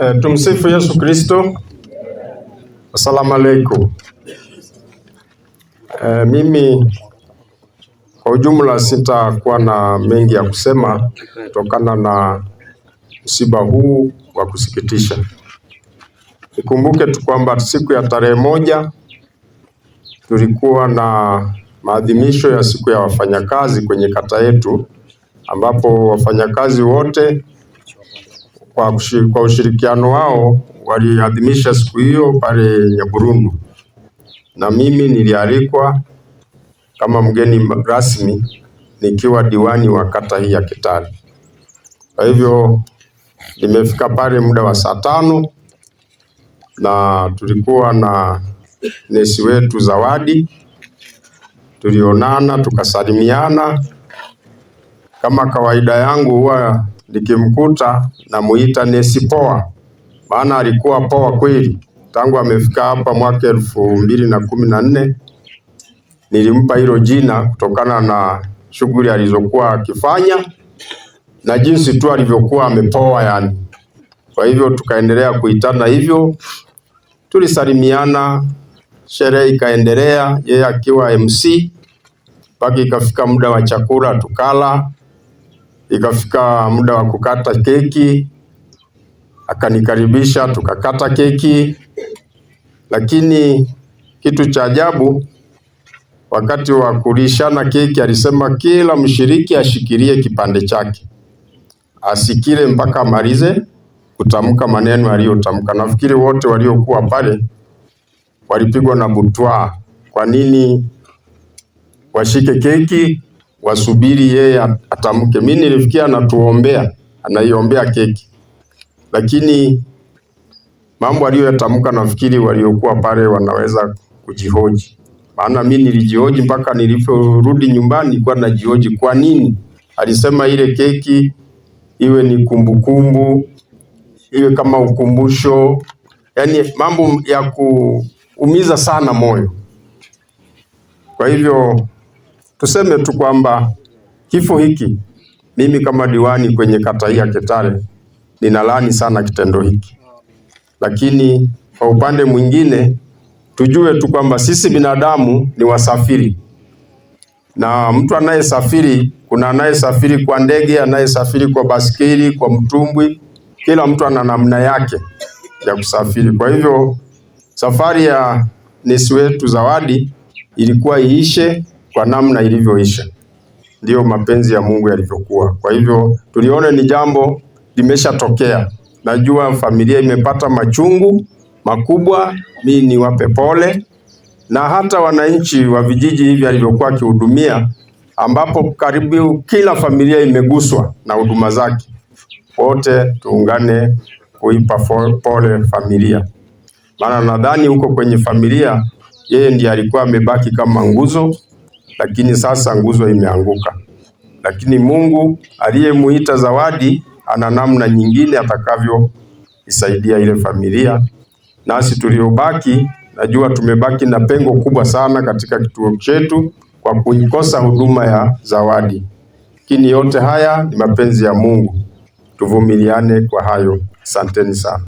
Uh, tumsifu Yesu Kristo. Asalamu alaykum. Uh, eh, mimi kwa ujumla sitakuwa na mengi ya kusema kutokana na msiba huu wa kusikitisha. Nikumbuke tu kwamba siku ya tarehe moja tulikuwa na maadhimisho ya siku ya wafanyakazi kwenye kata yetu ambapo wafanyakazi wote kwa, kwa ushirikiano wao waliadhimisha siku hiyo pale Nyabulundu, na mimi nilialikwa kama mgeni rasmi nikiwa diwani wa kata hii ya Kitale. Kwa hivyo nimefika pale muda wa saa tano na tulikuwa na nesi wetu Zawadi, tulionana tukasalimiana. Kama kawaida yangu huwa Nikimkuta namuita nesi poa, maana alikuwa poa kweli. Tangu amefika hapa mwaka elfu mbili na kumi na nne nilimpa hilo jina kutokana na shughuli alizokuwa akifanya na jinsi tu alivyokuwa amepoa yani. Kwa hivyo tukaendelea kuitana hivyo, tulisalimiana, sherehe ikaendelea, yeye akiwa MC mpaka ikafika muda wa chakula tukala. Ikafika muda wa kukata keki, akanikaribisha tukakata keki, lakini kitu cha ajabu, wakati wa kulishana keki alisema kila mshiriki ashikilie kipande chake, asikile mpaka amalize kutamka maneno aliyotamka. Nafikiri wote waliokuwa pale walipigwa na butwaa, kwa nini washike keki wasubiri yeye atamke. Mimi nilifikia anatuombea, anaiombea keki, lakini mambo aliyoyatamka nafikiri waliokuwa pale wanaweza kujihoji, maana mimi nilijihoji mpaka niliporudi nyumbani, nilikuwa najihoji kwa nini alisema ile keki iwe ni kumbukumbu kumbu, iwe kama ukumbusho, yaani mambo ya kuumiza sana moyo. Kwa hivyo Tuseme tu kwamba kifo hiki, mimi kama diwani kwenye kata hii ya Kitale ninalaani sana kitendo hiki, lakini kwa upande mwingine tujue tu kwamba sisi binadamu ni wasafiri, na mtu anayesafiri, kuna anayesafiri kwa ndege, anayesafiri kwa basikeli, kwa mtumbwi, kila mtu ana namna yake ya kusafiri. Kwa hivyo safari ya nesi wetu Zawadi ilikuwa iishe kwa namna ilivyoisha. Ndiyo mapenzi ya Mungu yalivyokuwa. Kwa hivyo tulione ni jambo limeshatokea. Najua familia imepata machungu makubwa, mi niwape pole, na hata wananchi wa vijiji hivi alivyokuwa akihudumia, ambapo karibu kila familia imeguswa na huduma zake. Wote tuungane kuipa pole familia, maana nadhani huko kwenye familia yeye ndiye alikuwa amebaki kama nguzo lakini sasa nguzo imeanguka. Lakini Mungu aliyemuita Zawadi ana namna nyingine atakavyoisaidia ile familia. Nasi tuliobaki, najua tumebaki na pengo kubwa sana katika kituo chetu kwa kuikosa huduma ya Zawadi, lakini yote haya ni mapenzi ya Mungu. Tuvumiliane kwa hayo. Asanteni sana.